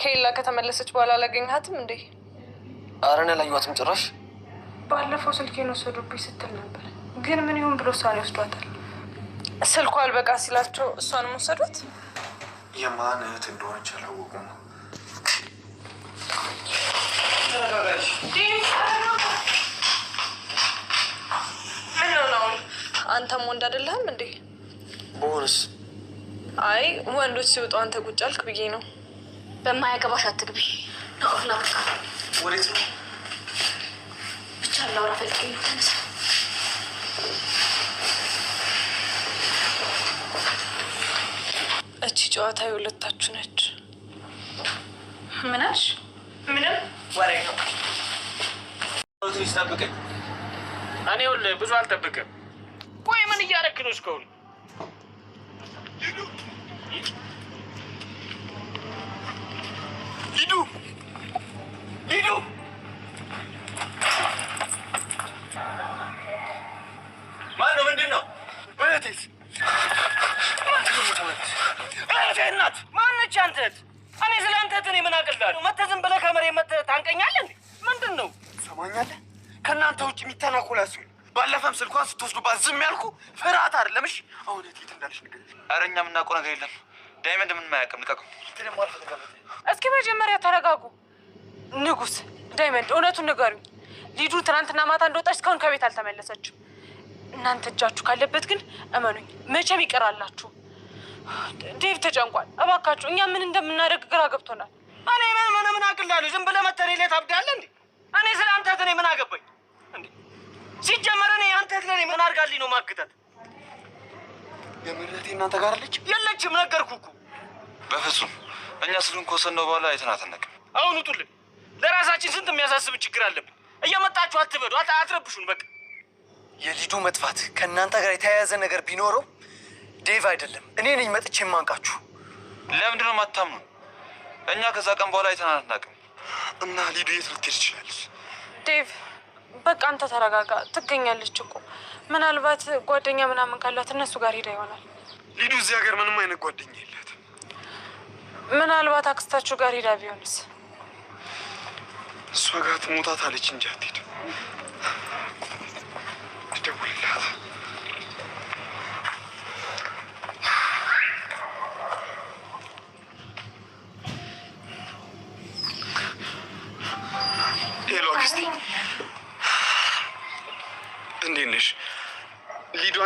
ኬላ ከተመለሰች በኋላ አላገኘሃትም እንዴ? አረ እኔ አላየኋትም ጭራሽ። ባለፈው ስልኬን ወሰዱብኝ ስትል ነበር፣ ግን ምን ይሁን ብሎ እሷን ይወስዷታል። ስልኳ አልበቃ ሲላቸው እሷንም ወሰዱት። የማን እህት እንደሆነች አላወቁም። ምን ነው አንተም ወንድ አይደለህም እንዴ? በሆነስ? አይ ወንዶች ሲወጡ አንተ ቁጭ አልክ ብዬ ነው በማያገባሽ አትግቢ። ናሆና ብቻ ወዴት ነው? ብቻ ላውራ ፈልጌ ነው። ተነሳ እቺ ጨዋታ የሁለታችሁ ነች። ምናሽ ምንም ወሬ ነው። ጠብቅ። እኔ ብዙ አልጠብቅም። ቆይ ምን እያደረክ ነው እስካሁን? አንተት እኔ ስለ አንተት እኔ ምን አቅልላለሁ? መተህ ዝም ብለህ ከመሬ መተህ ታንቀኛለህ። ምንድን ነው ሰማኛለህ? ከእናንተ ውጭ የሚተናኮላ ሲሆን ባለፈም ስልኳን ስትወስዱባት ዝም ያልኩ ፍርሃት አይደለም። እሺ አሁን የት እንዳለሽ ንገ ኧረ እኛ የምናውቀው ነገር የለም። ዳይመንድ ምን ማያውቅም። ልቀቁ። እስኪ መጀመሪያ ተረጋጉ። ንጉስ ዳይመንድ፣ እውነቱን ንገሩኝ። ሊዱ ትናንትና ማታ እንደወጣች እስካሁን ከቤት አልተመለሰችም። እናንተ እጃችሁ ካለበት ግን እመኑኝ መቼም ይቀራላችሁ። ዴቭ ተጨንቋል። እባካችሁ እኛ ምን እንደምናደርግ ግራ ገብቶናል። እኔ ምን ምን ምን አቅላለሁ? ዝም ብለህ መተህ እኔ ላይ ታብዳለህ እንዴ? እኔ ስለ አንተ እህት እኔ ምን አገባኝ ሲጀመር እኔ አንተ እህት ለእኔ ምን አድርጋልኝ ነው ማግተት? የምረት እናንተ ጋር አለች የለችም? ነገርኩህ እኮ በፍጹም እኛ ስሉን ከወሰነው በኋላ አይተናት አናውቅም። አሁን ውጡልን። ለራሳችን ስንት የሚያሳስብን ችግር አለብን። እየመጣችሁ አትበዱ፣ አትረብሹን። በቃ የሊዱ መጥፋት ከእናንተ ጋር የተያያዘ ነገር ቢኖረው ዴቭ አይደለም እኔ ነኝ መጥቼ የማንቃችሁ። ለምንድን ነው የማታምኑ? እኛ ከዛ ቀን በኋላ አይተናል አናውቅም። እና ሊዱ የት ልትሄድ ትችላለች? ዴቭ በቃ አንተ ተረጋጋ። ትገኛለች እኮ ምናልባት ጓደኛ ምናምን ካላት እነሱ ጋር ሄዳ ይሆናል። ሊዱ እዚህ ሀገር ምንም አይነት ጓደኛ የላት። ምናልባት አክስታችሁ ጋር ሄዳ ቢሆንስ? እሷ ጋር ትሞታታለች እንጂ አትሄድም። ደውልላት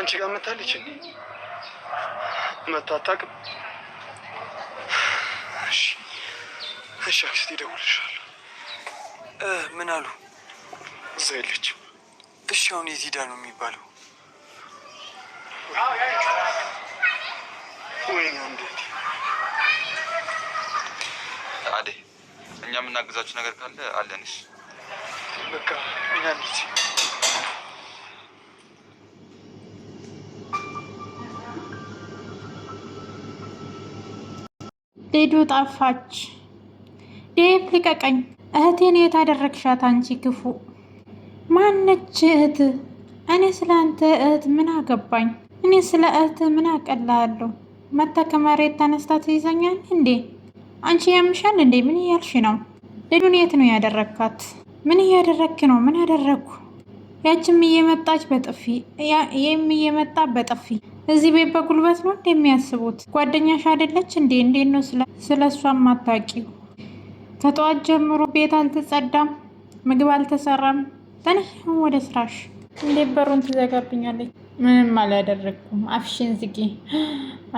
አንቺ ጋር መታለች እንዴ? መታታቅም እሺ፣ እሺ አክስቴ እደውልልሻለሁ። ምን አሉ? እዛ የለችም። እሺ፣ አሁን የዚዳ ነው የሚባለው? ወይኔ እንዴት አዴ፣ እኛ የምናግዛችሁ ነገር ካለ አለንሽ። በቃ ሚና ሚት ሊዱ ጠፋች። ዴቭ ልቀቀኝ፣ እህቴን የታደረግሻት አንቺ ክፉ ማነች እህት? እኔ ስለ አንተ እህት ምን አገባኝ? እኔ ስለ እህት ምን አቀላለሁ? መታ ከመሬት ተነስታ ትይዘኛል እንዴ? አንቺ ያምሻል እንዴ? ምን እያልሽ ነው? ልዱን የት ነው ያደረግካት? ምን እያደረግክ ነው? ምን አደረግኩ? ያችም እየመጣች በጥፊ፣ ይህም እየመጣ በጥፊ እዚህ ቤት በጉልበት ነው እንደሚያስቡት? ጓደኛሽ አይደለች እንዴ? እንዴት ነው ስለ እሷ ማታውቂው? ከጠዋት ጀምሮ ቤት አልተጸዳም፣ ምግብ አልተሰራም። ተነሽ ወደ ስራሽ። እንዴ በሩን ትዘጋብኛለች? ምንም አላደረግኩም፣ አፍሽን ዝጊ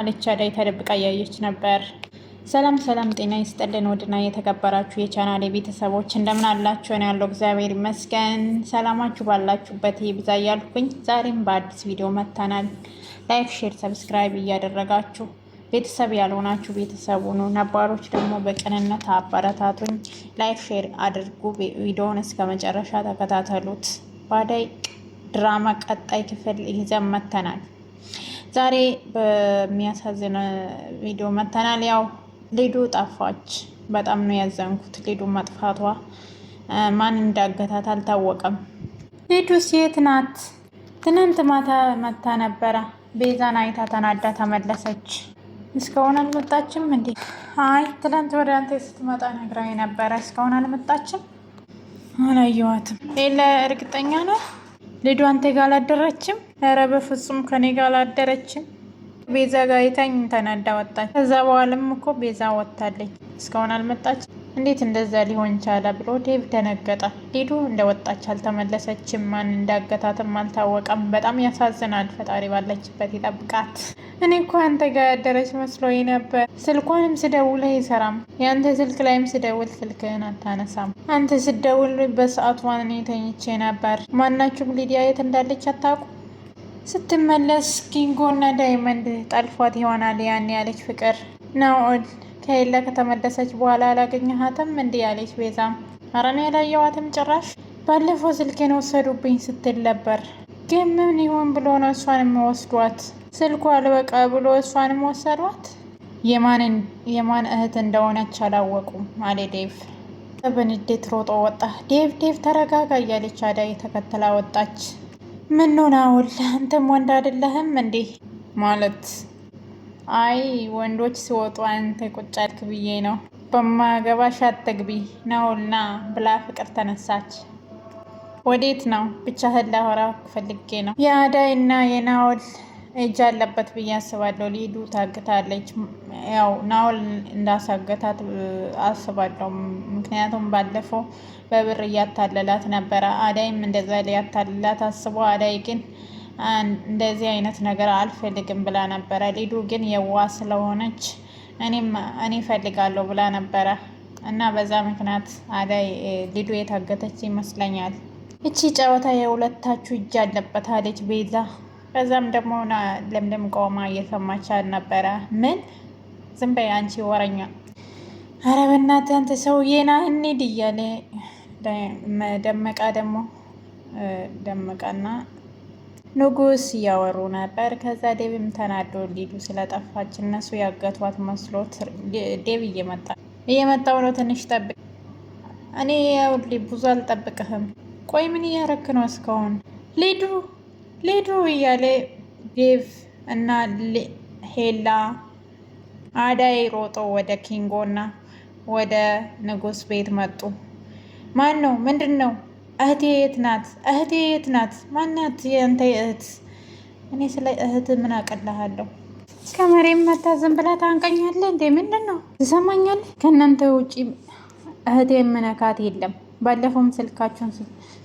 አለች አዳይ ተደብቃ እያየች ነበር። ሰላም ሰላም፣ ጤና ይስጠልን። ውድና የተከበራችሁ የቻናል ቤተሰቦች እንደምን አላችሁ? ያለው እግዚአብሔር ይመስገን። ሰላማችሁ ባላችሁበት ይብዛ እያልኩኝ ዛሬም በአዲስ ቪዲዮ መጥተናል። ላይክ፣ ሼር፣ ሰብስክራይብ እያደረጋችሁ ቤተሰብ ያልሆናችሁ ቤተሰቡ ነው፣ ነባሮች ደግሞ በቅንነት አበረታቱኝ። ላይክ ሼር አድርጉ። ቪዲዮውን እስከ መጨረሻ ተከታተሉት። ባዳይ ድራማ ቀጣይ ክፍል ይዘን መተናል። ዛሬ በሚያሳዝን ቪዲዮ መተናል። ያው ሊዱ ጠፋች። በጣም ነው ያዘንኩት ሊዱ መጥፋቷ። ማን እንዳገታት አልታወቀም። ሊዱ ሴት ናት። ትናንት ማታ መታ ነበረ። ቤዛን አይታ ተናዳ ተመለሰች። እስካሁን አልመጣችም እንዴ? አይ ትናንት ወደ አንተ ስትመጣ ነግራኝ ነበረ። እስካሁን አልመጣችም። አላየዋትም። ሌለ እርግጠኛ ነው ሊዱ አንተ ጋር አላደረችም? ኧረ በፍጹም ከኔ ጋር አላደረችም። ቤዛ ጋር የታኝ ተናዳ ወጣች። ከዛ በኋላም እኮ ቤዛ ወጥታለኝ እስካሁን አልመጣች እንዴት እንደዛ ሊሆን ቻለ ብሎ ዴቭ ደነገጠ። ሊዱ እንደወጣች አልተመለሰችም። ማን እንዳገታትም አልታወቀም። በጣም ያሳዝናል። ፈጣሪ ባለችበት ይጠብቃት። እኔ እኮ አንተ ጋር ያደረች መስሎኝ ነበር። ስልኳንም ስደውል አይሰራም። የአንተ ስልክ ላይም ስደውል ስልክህን አታነሳም። አንተ ስደውል በሰዓቱ እኔ ተኝቼ ነበር። ማናችሁም ሊዲያ የት እንዳለች አታውቁ ስትመለስ እና ዳይመንድ ጠልፏት ይሆናል። ያን ያለች ፍቅር ናኦል ከሌለ ከተመለሰች በኋላ አላገኘሃትም እንዲ ያለች ቤዛም አረኔ ያላየዋትም ጭራሽ ባለፈው ስልኬን ወሰዱብኝ ስትል ነበር። ግን ምን ይሁን ብሎ ነው እሷን ወስዷት ስልኩ አልበቃ ብሎ እሷን ወሰዷት። የማን እህት እንደሆነች አላወቁም አለ ዴቭ። በንዴት ሮጦ ወጣ። ዴቭ ዴቭ ተረጋጋ እያለች አዳይ ተከትላ ወጣች። ምን ነው ናውል፣ አንተም ወንድ አይደለህም እንዴ? ማለት አይ ወንዶች ሲወጡ አንተ ቁጭ አልክ ብዬ ነው። በማገባሽ አትግቢ ናውልና ብላ ፍቅር ተነሳች። ወዴት ነው ብቻህን ላወራ ፈልጌ ነው የአዳይ እና የናውል እጅ አለበት ብዬ አስባለሁ። ሊዱ ታግታለች። ያው ናውል እንዳሳገታት አስባለሁ። ምክንያቱም ባለፈው በብር እያታለላት ነበረ። አዳይም እንደዛ ሊያታልላት አስቦ፣ አዳይ ግን እንደዚህ አይነት ነገር አልፈልግም ብላ ነበረ። ሊዱ ግን የዋ ስለሆነች እኔም እኔ ፈልጋለሁ ብላ ነበረ እና በዛ ምክንያት አዳይ ሊዱ የታገተች ይመስለኛል። እቺ ጨዋታ የሁለታችሁ እጅ አለበት አለች ቤዛ ከዛም ደግሞ ለምለም ቆማ እየሰማቻት ነበረ። ምን ዝም በይ አንቺ ወረኛ፣ ኧረ በእናትህ አንተ ሰውዬ ና እንሂድ እያለ ደመቃ ደግሞ ደመቃና ንጉስ እያወሩ ነበር። ከዛ ዴብም ተናዶ ሊዱ ስለጠፋች እነሱ ያገቷት መስሎት ዴብ እየመጣ እየመጣው ነው ትንሽ ጠብቅ፣ እኔ ያው ብዙ አልጠብቅህም። ቆይ ምን እያረክ ነው እስካሁን ሊዱ ሊዱ እያለ ዴቭ እና ሄላ አዳይ ሮጦ ወደ ኪንጎና ወደ ንጉስ ቤት መጡ። ማን ነው? ምንድን ነው? እህቴ የት ናት? እህቴ የት ናት? ማናት የአንተ እህት? እኔ ስለ እህት ምን አቀልሃለሁ? ከመሬም መታ ዝም ብላ ታንቀኛለህ እንዴ? ምንድን ነው? ትሰማኛለህ? ከእናንተ ውጪ እህቴ ምነካት የለም። ባለፈውም ስልካችሁን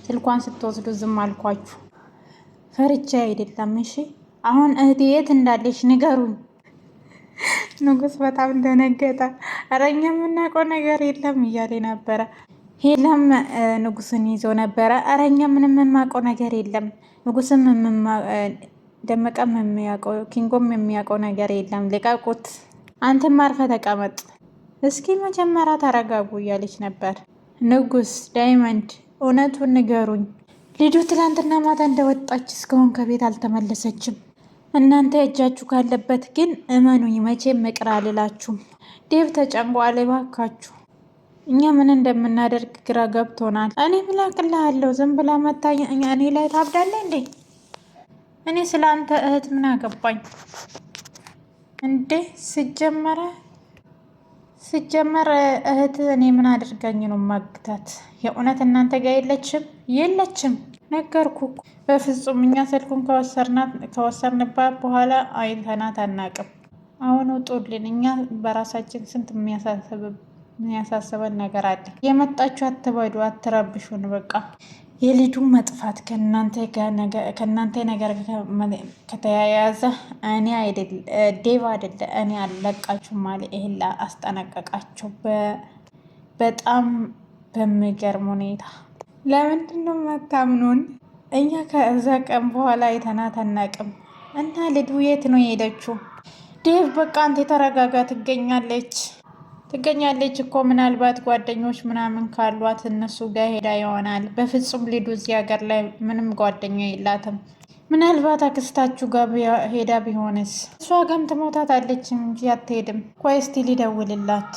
ስልኳን ስትወስዱ ዝም አልኳችሁ። ፈርቻ አይደለም። እሺ አሁን እህቴ የት እንዳለሽ ንገሩኝ። ንጉስ በጣም ደነገጠ። ኧረ እኛ የምናውቀው ነገር የለም እያለ ነበረ። ሄለም ንጉስን ይዞ ነበረ። ኧረ እኛ ምንም የምናውቀው ነገር የለም፣ ንጉስም ደመቀም የሚያውቀው ኪንጎም የሚያውቀው ነገር የለም፣ ልቀቁት። አንተም አርፈ ተቀመጥ እስኪ መጀመሪያ ተረጋጉ እያለች ነበር። ንጉስ ዳይመንድ እውነቱን ንገሩኝ ልጁ ትላንትና ማታ እንደወጣች እስካሁን ከቤት አልተመለሰችም። እናንተ እጃችሁ ካለበት ግን እመኑኝ መቼም ምቅር አልላችሁም። ዴብ ተጨንቋል። እባካችሁ እኛ ምን እንደምናደርግ ግራ ገብቶናል። እኔ አለው ዝም ብላ መታ እኔ ላይ ታብዳለህ እንዴ? እኔ ስለ አንተ እህት ምን አገባኝ እንዴ? ስጀመረ ሲጀመር እህት እኔ ምን አድርገኝ ነው ማግታት? የእውነት እናንተ ጋር የለችም የለችም፣ ነገርኩ። በፍጹም እኛ ስልኩን ከወሰርንባት በኋላ አይተናት አናቅም። አሁን ውጡልን፣ እኛ በራሳችን ስንት የሚያሳስበን ነገር አለ። የመጣችሁ አትበዱ፣ አትረብሹን። በቃ የሊዱ መጥፋት ከእናንተ ነገር ከተያያዘ እኔ ዴቭ አይደለ እኔ አለቃችሁ ማ ይህላ አስጠነቀቃቸው። በጣም በሚገርም ሁኔታ ለምንድን ነው መታምኑን? እኛ ከዛ ቀን በኋላ የተናተናቅም እና ልዱ የት ነው የሄደችው? ዴቭ በቃ አንተ ተረጋጋ፣ ትገኛለች ትገኛለች እኮ ምናልባት ጓደኞች ምናምን ካሏት እነሱ ጋር ሄዳ ይሆናል። በፍጹም ሊዱ እዚህ ሀገር ላይ ምንም ጓደኛ የላትም። ምናልባት አክስታችሁ ጋር ሄዳ ቢሆንስ? እሷ ጋም ትሞታታለች እንጂ አትሄድም። ቆይ እስቲ ሊደውልላት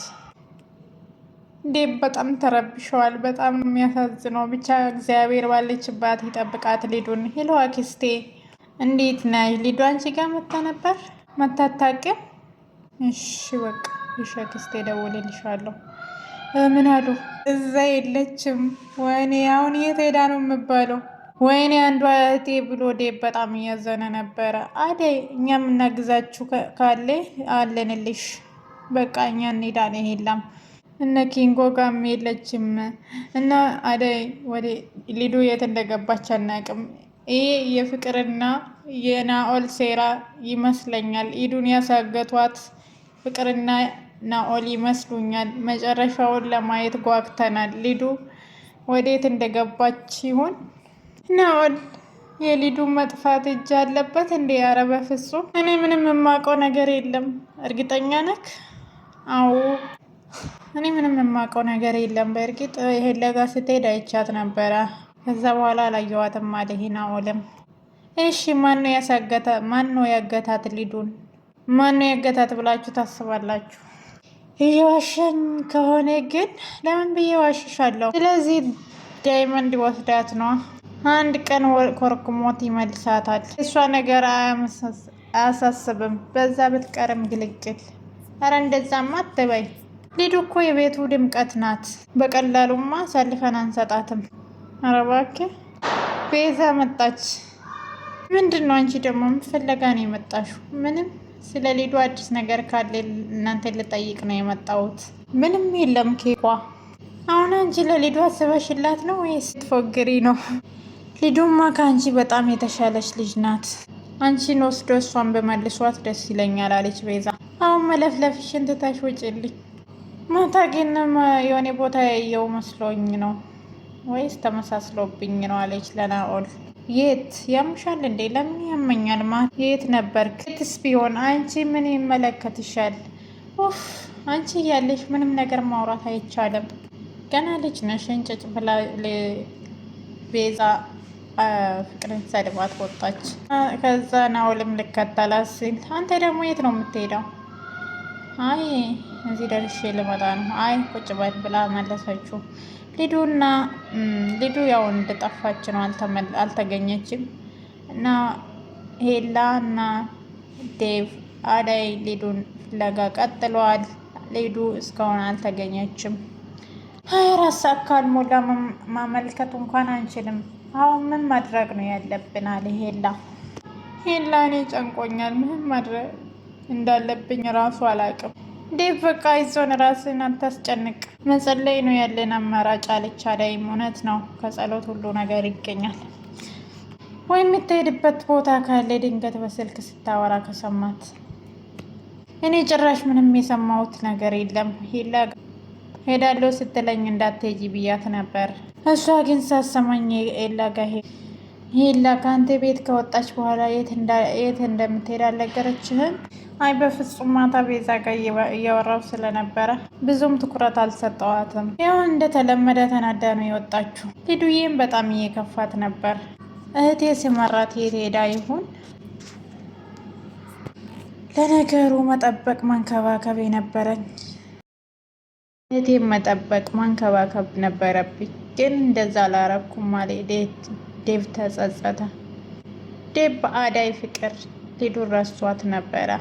እንዴ። በጣም ተረብሸዋል። በጣም የሚያሳዝነው ብቻ እግዚአብሔር ባለችባት ይጠብቃት ሊዱን። ሄሎ አክስቴ፣ እንዴት ነሽ? ሊዱ አንቺ ጋር መታ ነበር መታታቅም? እሺ በቃ ሸክስት አክስቴ እደውልልሻለሁ። ምን አሉ? እዛ የለችም። ወይኔ አሁን የት ሄዳ ነው የምባለው? ወይኔ አንዷ እህቴ ብሎ ዴ በጣም እያዘነ ነበረ። አደይ እኛ የምናግዛችሁ ካለ አለንልሽ። በቃ እኛ እንሄዳለን። የለም እነ ኪንጎ ጋም የለችም እና አደይ ወደ ሊዱ የት እንደገባች አናውቅም። ይሄ የፍቅርና የናኦል ሴራ ይመስለኛል። ኢዱን ያሳገቷት ፍቅርና ናኦል ይመስሉኛል። መጨረሻውን ለማየት ጓግተናል። ሊዱ ወዴት እንደገባች ይሁን ናኦል የሊዱ መጥፋት እጅ አለበት እንዴ? ኧረ በፍጹም እኔ ምንም የማውቀው ነገር የለም። እርግጠኛ ነክ? አዎ እኔ ምንም የማውቀው ነገር የለም። በእርግጥ የሄለጋ ስትሄድ አይቻት ነበረ። ከዛ በኋላ አላየዋትም አለ ናኦልም። እሺ ማን ነው ያሳገታ? ማን ነው ያገታት ሊዱን? ማን ያገታት ብላችሁ ታስባላችሁ? እየዋሸን ከሆነ ግን ለምን ብዬ ዋሽሻለሁ? ስለዚህ ዳይመንድ ወስዳት ነው። አንድ ቀን ኮርክሞት ይመልሳታል። እሷ ነገር አያሳስብም። በዛ ብትቀርም ግልግል። ኧረ እንደዛማ አትበይ። ሊዱ እኮ የቤቱ ድምቀት ናት። በቀላሉማ አሳልፈን አንሰጣትም። ኧረ እባክህ ቤዛ መጣች። ምንድን ነው አንቺ ደግሞ ምን ፍለጋ ነው የመጣሽው? ምንም ስለ ሊዱ አዲስ ነገር ካለ እናንተ ልጠይቅ ነው የመጣሁት። ምንም የለም ኬኳ። አሁን አንቺ ለሊዱ አስበሽላት ነው ወይስ ትፎግሪ ነው? ሊዱማ ከአንቺ በጣም የተሻለች ልጅ ናት። አንቺን ወስዶ እሷን በመልሷት ደስ ይለኛል አለች ቤዛ። አሁን መለፍለፍሽን ትታሽ ውጭልኝ። ማታ ግን የሆነ ቦታ ያየው መስሎኝ ነው ወይስ ተመሳስሎብኝ ነው አለች ለናኦል። የት ያምሻል እንዴ? ለምን ያመኛል? ማ የት ነበርክ? የትስ ቢሆን አንቺ ምን ይመለከትሻል? ኡፍ አንቺ እያለሽ ምንም ነገር ማውራት አይቻልም። ገና ልጅ ነሽ። እንጭጭ ብላ ቤዛ ፍቅርን ሰድባት ወጣች። ከዛ ናኦልም ልከተላት ሲል አንተ ደግሞ የት ነው የምትሄደው? አይ እዚህ ደርሼ ልመጣ ነው። አይ ቁጭ በል ብላ መለሰችው። ሊዱና ሊዱ ያው እንደጠፋች ነው፣ አልተገኘችም። እና ሄላ እና ዴቭ አዳይ ሊዱን ፍለጋ ቀጥለዋል። ሊዱ እስካሁን አልተገኘችም። ሀያ አራት ሰዓት ካልሞላ ማመልከት እንኳን አንችልም። አሁን ምን ማድረግ ነው ያለብን? አለ ሄላ። ሄላ እኔ ጨንቆኛል፣ ምን ማድረግ እንዳለብኝ ራሱ አላውቅም። ዴቭ በቃ ይዞን ራስን አታስጨንቅ፣ መጸለይ ነው ያለን አማራጭ አለች አዳይም። እውነት ነው፣ ከጸሎት ሁሉ ነገር ይገኛል። ወይም የምትሄድበት ቦታ ካለ ድንገት በስልክ ስታወራ ከሰማት። እኔ ጭራሽ ምንም የሰማሁት ነገር የለም ሂላ ሄዳለሁ ስትለኝ እንዳትሄጂ ብያት ነበር። እሷ ግን ሳሰማኝ ኤላ ጋ ሄላ ከአንተ ቤት ከወጣች በኋላ የት እንደምትሄድ አልነገረችህም? አይ በፍጹም ማታ ቤዛ ጋር እያወራው ስለነበረ ብዙም ትኩረት አልሰጠዋትም። ያው እንደተለመደ ተናዳ ነው የወጣችው። ሊዱዬም በጣም እየከፋት ነበር። እህቴ ሲመራት የት ሄዳ ይሆን? ለነገሩ መጠበቅ ማንከባከብ የነበረኝ እህቴም መጠበቅ ማንከባከብ ነበረብኝ፣ ግን እንደዛ አላረኩም ማለት ዴቭ ተጸጸተ። ዴቭ በአዳይ ፍቅር ሊዱ ረሷት ነበረ።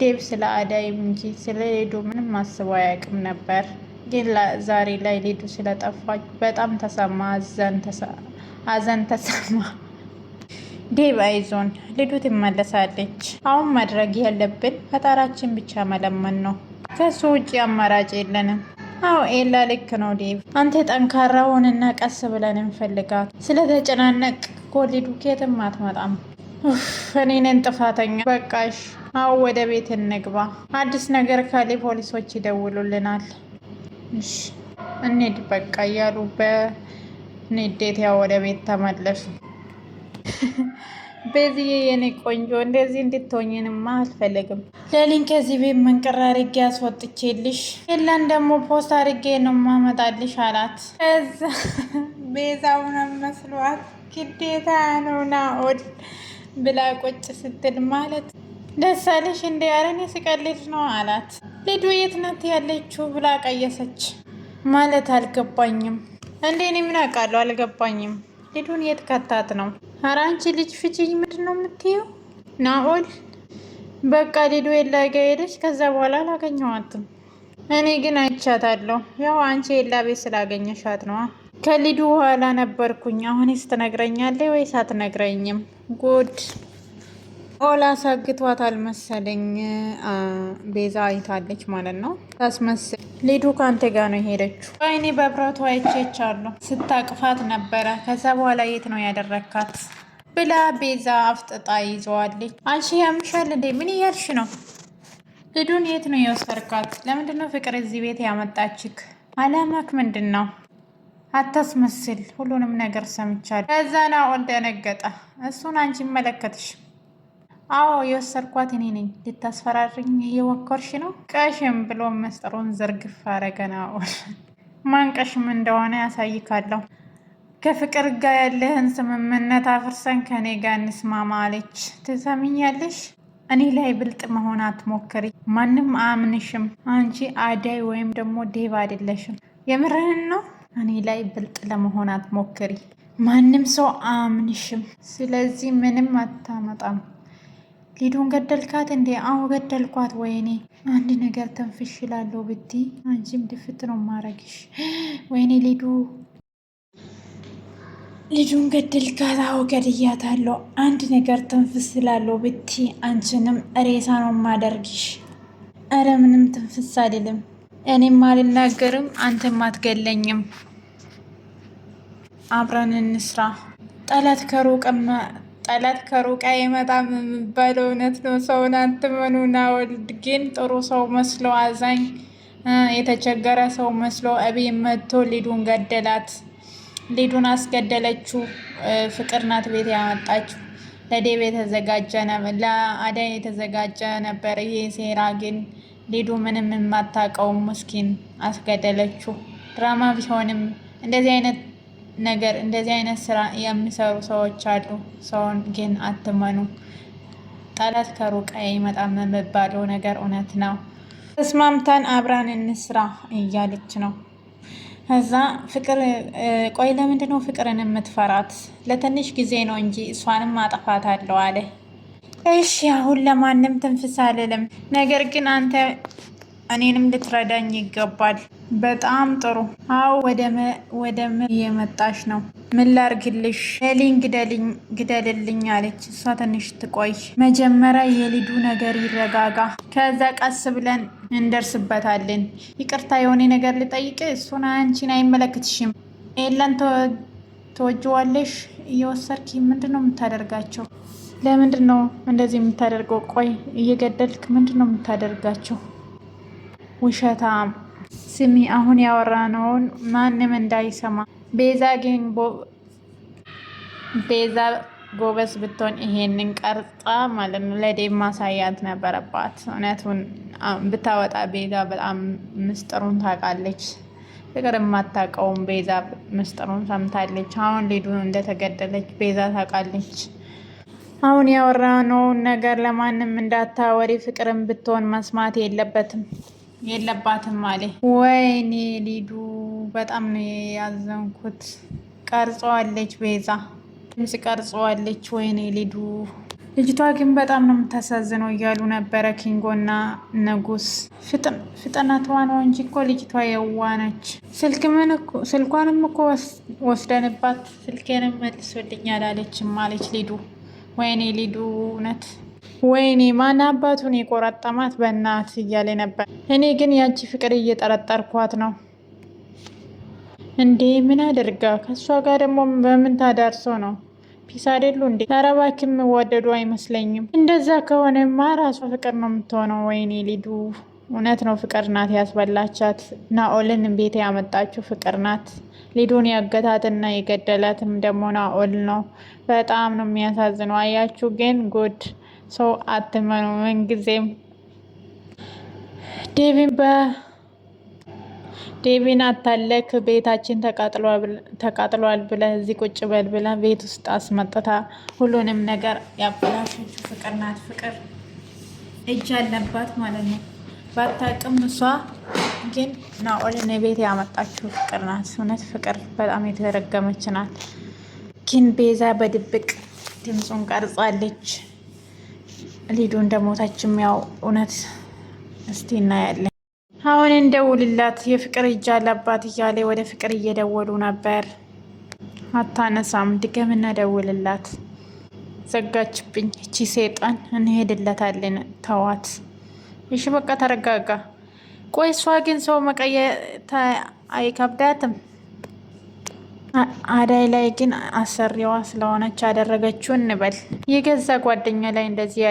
ዴብ ስለ አዳይም እንጂ ስለ ሌዱ ምንም አስበው አያውቅም ነበር። ግን ዛሬ ላይ ሌዱ ስለጠፋች በጣም ተሰማ፣ አዘን ተሰማ። ዴብ አይዞን፣ ልዱ ትመለሳለች። አሁን ማድረግ ያለብን ፈጣራችን ብቻ መለመን ነው። ከሱ ውጭ አማራጭ የለንም። አዎ ኤላ ልክ ነው ዴብ። አንተ ጠንካራ ሆንና ቀስ ብለን እንፈልጋት። ስለተጨናነቅ ኮሊዱ ኬትም አትመጣም። እኔ ጥፋተኛ። በቃሽ አዎ ወደ ቤት እንግባ። አዲስ ነገር ካለ ፖሊሶች ይደውሉልናል። እሺ እንሂድ በቃ እያሉ በንዴት ያው ወደ ቤት ተመለሱ። በዚህ የኔ ቆንጆ እንደዚህ እንድትሆኝንማ አልፈለግም። ለሊን ከዚህ ቤት መንቅር አድርጌ ያስወጥቼልሽ የለን ደግሞ ፖስት አርጌ ነው ማመጣልሽ አላት። ከዛ ቤዛው መስሏት ግዴታ ነው ናኦል ብላ ቁጭ ስትል ማለት ደሳለሽ እንደ ያረኔ ስቀልድ ነው አላት። ልዱ የት ናት ያለችው ብላ ቀየሰች። ማለት አልገባኝም። እንዴ እኔ ምን አውቃለሁ? አልገባኝም። ልዱን የት ከታት ነው? ኧረ አንቺ ልጅ ፍቺኝ ምንድን ነው የምትይው? ናኦል በቃ ልዱ የላ ሄደች። ከዛ በኋላ አላገኘዋትም። እኔ ግን አይቻታለሁ። ያው አንቺ የላ ቤት ስላገኘሻት ነዋ። ከልዱ በኋላ ነበርኩኝ። አሁን ስትነግረኛለ ወይስ አትነግረኝም? ጉድ ኦላ ሳግቷታል መሰለኝ። ቤዛ አይታለች ማለት ነው። ታስመስል ሊዱ ከአንተ ጋር ነው የሄደችው። አይኔ በብረቱ አይቼች አሉ ስታቅፋት ነበረ። ከዛ በኋላ የት ነው ያደረካት ብላ ቤዛ አፍጥጣ ይዘዋለች። አንቺ ያምሻል እንዴ? ምን እያልሽ ነው? ሊዱን የት ነው የወሰድካት? ለምንድን ነው ፍቅር እዚህ ቤት ያመጣችክ? አላማክ ምንድን ነው? አታስመስል። ሁሉንም ነገር ሰምቻለሁ። ከዛ ናኦል ደነገጠ። እሱን አንቺ ይመለከትሽ አዎ የወሰድኳት እኔ ነኝ። ልታስፈራርኝ እየሞከርሽ ነው? ቀሽም ብሎ መስጠሩን ዘርግፍ አረገና ማን ቀሽም እንደሆነ ያሳይካለሁ። ከፍቅር ጋር ያለህን ስምምነት አፍርሰን ከእኔ ጋር እንስማማ አለች። ትሰምኛለሽ? እኔ ላይ ብልጥ መሆን አትሞክሪ። ማንም አያምንሽም። አንቺ አዳይ ወይም ደግሞ ዴብ አይደለሽም። የምርህን ነው። እኔ ላይ ብልጥ ለመሆን አትሞክሪ። ማንም ሰው አያምንሽም። ስለዚህ ምንም አታመጣም። ሊዱን ገደልካት እንዴ? አሁ ገደልኳት። ወይኔ አንድ ነገር ተንፍሽ ይላለሁ ብቲ አንቺም ድፍት ነው ማረግሽ። ወይኔ ሊዱ ልጁን ገደልካት። አዎ ገድያታለሁ። አንድ ነገር ተንፍስ ስላለሁ ብቲ አንቺንም ሬሳ ነው ማደርግሽ። እረ ምንም ትንፍስ አልልም። እኔም አልናገርም፣ አንተም አትገለኝም። አብረን እንስራ። ጠላት ከሩቅ ጠላት ከሩቅ አይመጣም የሚባለው እውነት ነው። ሰውን አትመኑ። ናኦል ግን ጥሩ ሰው መስሎ አዛኝ፣ የተቸገረ ሰው መስሎ እቤት መጥቶ ሊዱን ገደላት። ሊዱን አስገደለችው። ፍቅር ናት ቤት ያመጣችው። ለዴብ የተዘጋጀ ለአዳይ የተዘጋጀ ነበር ይሄ ሴራ። ግን ሊዱ ምንም የማታውቀው ምስኪን አስገደለችው። ድራማ ቢሆንም እንደዚህ አይነት ነገር እንደዚህ አይነት ስራ የሚሰሩ ሰዎች አሉ። ሰውን ግን አትመኑ። ጠላት ከሩቅ አይመጣም የሚባለው ነገር እውነት ነው። ተስማምተን አብረን እንስራ እያለች ነው። እዛ ፍቅር ቆይ፣ ለምንድን ነው ፍቅርን የምትፈራት? ለትንሽ ጊዜ ነው እንጂ እሷንም ማጠፋት አለው አለ። እሺ አሁን ለማንም ትንፍስ አልልም፣ ነገር ግን አንተ እኔንም ልትረዳኝ ይገባል። በጣም ጥሩ። አዎ ወደ ምን እየመጣሽ ነው? ምን ላርግልሽ? ሄሊን ግደልልኝ አለች። እሷ ትንሽ ትቆይ፣ መጀመሪያ የልጁ ነገር ይረጋጋ፣ ከዛ ቀስ ብለን እንደርስበታለን። ይቅርታ የሆነ ነገር ልጠይቅ። እሱን አንቺን አይመለክትሽም። ኤላን ተወጅዋለሽ። እየወሰድክ ምንድን ነው የምታደርጋቸው? ለምንድን ነው እንደዚህ የምታደርገው? ቆይ እየገደልክ ምንድን ነው የምታደርጋቸው? ውሸታም ስሚ፣ አሁን ያወራነውን ማንም እንዳይሰማ። ቤዛ ግን ቤዛ ጎበዝ ብትሆን ይሄንን ቀርጻ ማለት ነው ለዴብ ማሳያት ነበረባት። እውነቱን ብታወጣ ቤዛ በጣም ምስጢሩን ታውቃለች። ፍቅር የማታውቀውም ቤዛ ምስጢሩን ሰምታለች። አሁን ሊዱ እንደተገደለች ቤዛ ታውቃለች። አሁን ያወራነውን ነገር ለማንም እንዳታወሪ፣ ፍቅርን ብትሆን መስማት የለበትም። የለባትም አለ። ወይኔ ሊዱ በጣም ነው ያዘንኩት። ቀርጸዋለች፣ ቤዛ ድምፅ ቀርጸዋለች። ወይኔ ሊዱ ልጅቷ ግን በጣም ነው የምታሳዝነው እያሉ ነበረ ኪንጎና ንጉስ። ፍጥነቷ ነው እንጂ እኮ ልጅቷ የዋ ነች። ስልኳንም እኮ ወስደንባት ስልኬንም መልሶልኛል አለችም አለች ሊዱ። ወይኔ ሊዱ እውነት ወይኔ ማን አባቱን የቆረጠማት በእናት እያለ ነበር። እኔ ግን ያቺ ፍቅር እየጠረጠርኳት ነው። እንዴ ምን አድርጋ ከእሷ ጋር ደግሞ በምን ታዳርሶ ነው? ፒስ አይደሉ እንዴ? ለረባክ የምወደዱ አይመስለኝም። እንደዛ ከሆነማ ራሷ ፍቅር ነው የምትሆነው። ወይኔ ሊዱ እውነት ነው ፍቅር ናት ያስበላቻት። ናኦልን ቤት ያመጣችው ፍቅር ናት። ሊዱን ያገታትና የገደላትም ደግሞ ናኦል ነው። በጣም ነው የሚያሳዝነው። አያችሁ ግን ጉድ ሰው አትመኑ። ምንጊዜም ዴቪን በ ዴቪን አታለክ ቤታችን ተቃጥሏል ብለህ እዚህ ቁጭ በል ብላ ቤት ውስጥ አስመጥታ ሁሉንም ነገር ያበላሸችው ፍቅር ናት። ፍቅር እጅ አለባት ማለት ነው። ባታቅም እሷ ግን ናኦልን ቤት ያመጣችው ፍቅር ናት። እውነት ፍቅር በጣም የተረገመች ናት። ግን ቤዛ በድብቅ ድምፁን ቀርጻለች። ሊዱ እንደሞታችም ያው እውነት እስቲ እናያለን። አሁን እንደውልላት የፍቅር እጅ አለባት እያለ ወደ ፍቅር እየደወሉ ነበር። አታነሳም። ድገምና ደውልላት። ዘጋችብኝ እቺ ሴጣን። እንሄድለታለን። ተዋት። እሺ በቃ ተረጋጋ። ቆይ እሷ ግን ሰው መቀየር አይከብዳትም? አዳይ ላይ ግን አሰሪዋ ስለሆነች አደረገችው እንበል የገዛ ጓደኛ ላይ እንደዚህ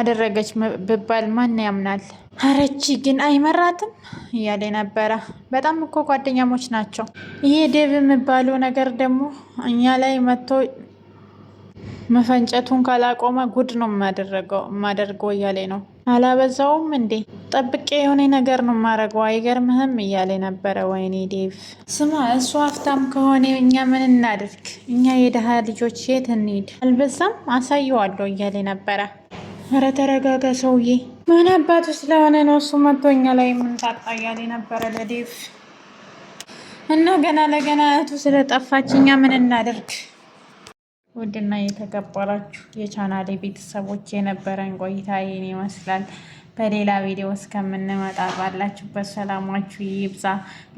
አደረገች ብባል ማን ያምናል? አረቺ ግን አይመራትም እያለ ነበረ። በጣም እኮ ጓደኛሞች ናቸው። ይሄ ደብ የሚባለው ነገር ደግሞ እኛ ላይ መጥቶ መፈንጨቱን ካላቆመ ጉድ ነው የማደርገው እያለ ነው አላበዛውም እንዴ? ጠብቄ የሆነ ነገር ነው ማድረገው፣ አይገርምህም? እያለ ነበረ። ወይኔ ዴቭ ስማ፣ እሱ ሀብታም ከሆነ እኛ ምን እናድርግ? እኛ የድሀ ልጆች የት እንሂድ? አልበዛም? አሳየዋለሁ እያለ ነበረ። ኧረ ተረጋጋ ሰውዬ፣ ምን አባቱ ስለሆነ ነው እሱ መቶ እኛ ላይ የምንጣጣ? እያለ ነበረ ለዴቭ እና ገና ለገና እህቱ ስለጠፋች እኛ ምን እናድርግ ውድና የተከበራችሁ የቻናሌ ቤተሰቦች የነበረን ቆይታ ይህን ይመስላል። በሌላ ቪዲዮ እስከምንመጣ ባላችሁበት ሰላማችሁ ይብዛ።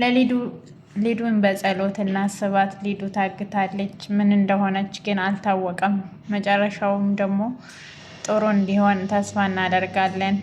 ለሊዱ ሊዱን በጸሎት እናስባት። ሊዱ ታግታለች፣ ምን እንደሆነች ግን አልታወቀም። መጨረሻውም ደግሞ ጥሩ እንዲሆን ተስፋ እናደርጋለን።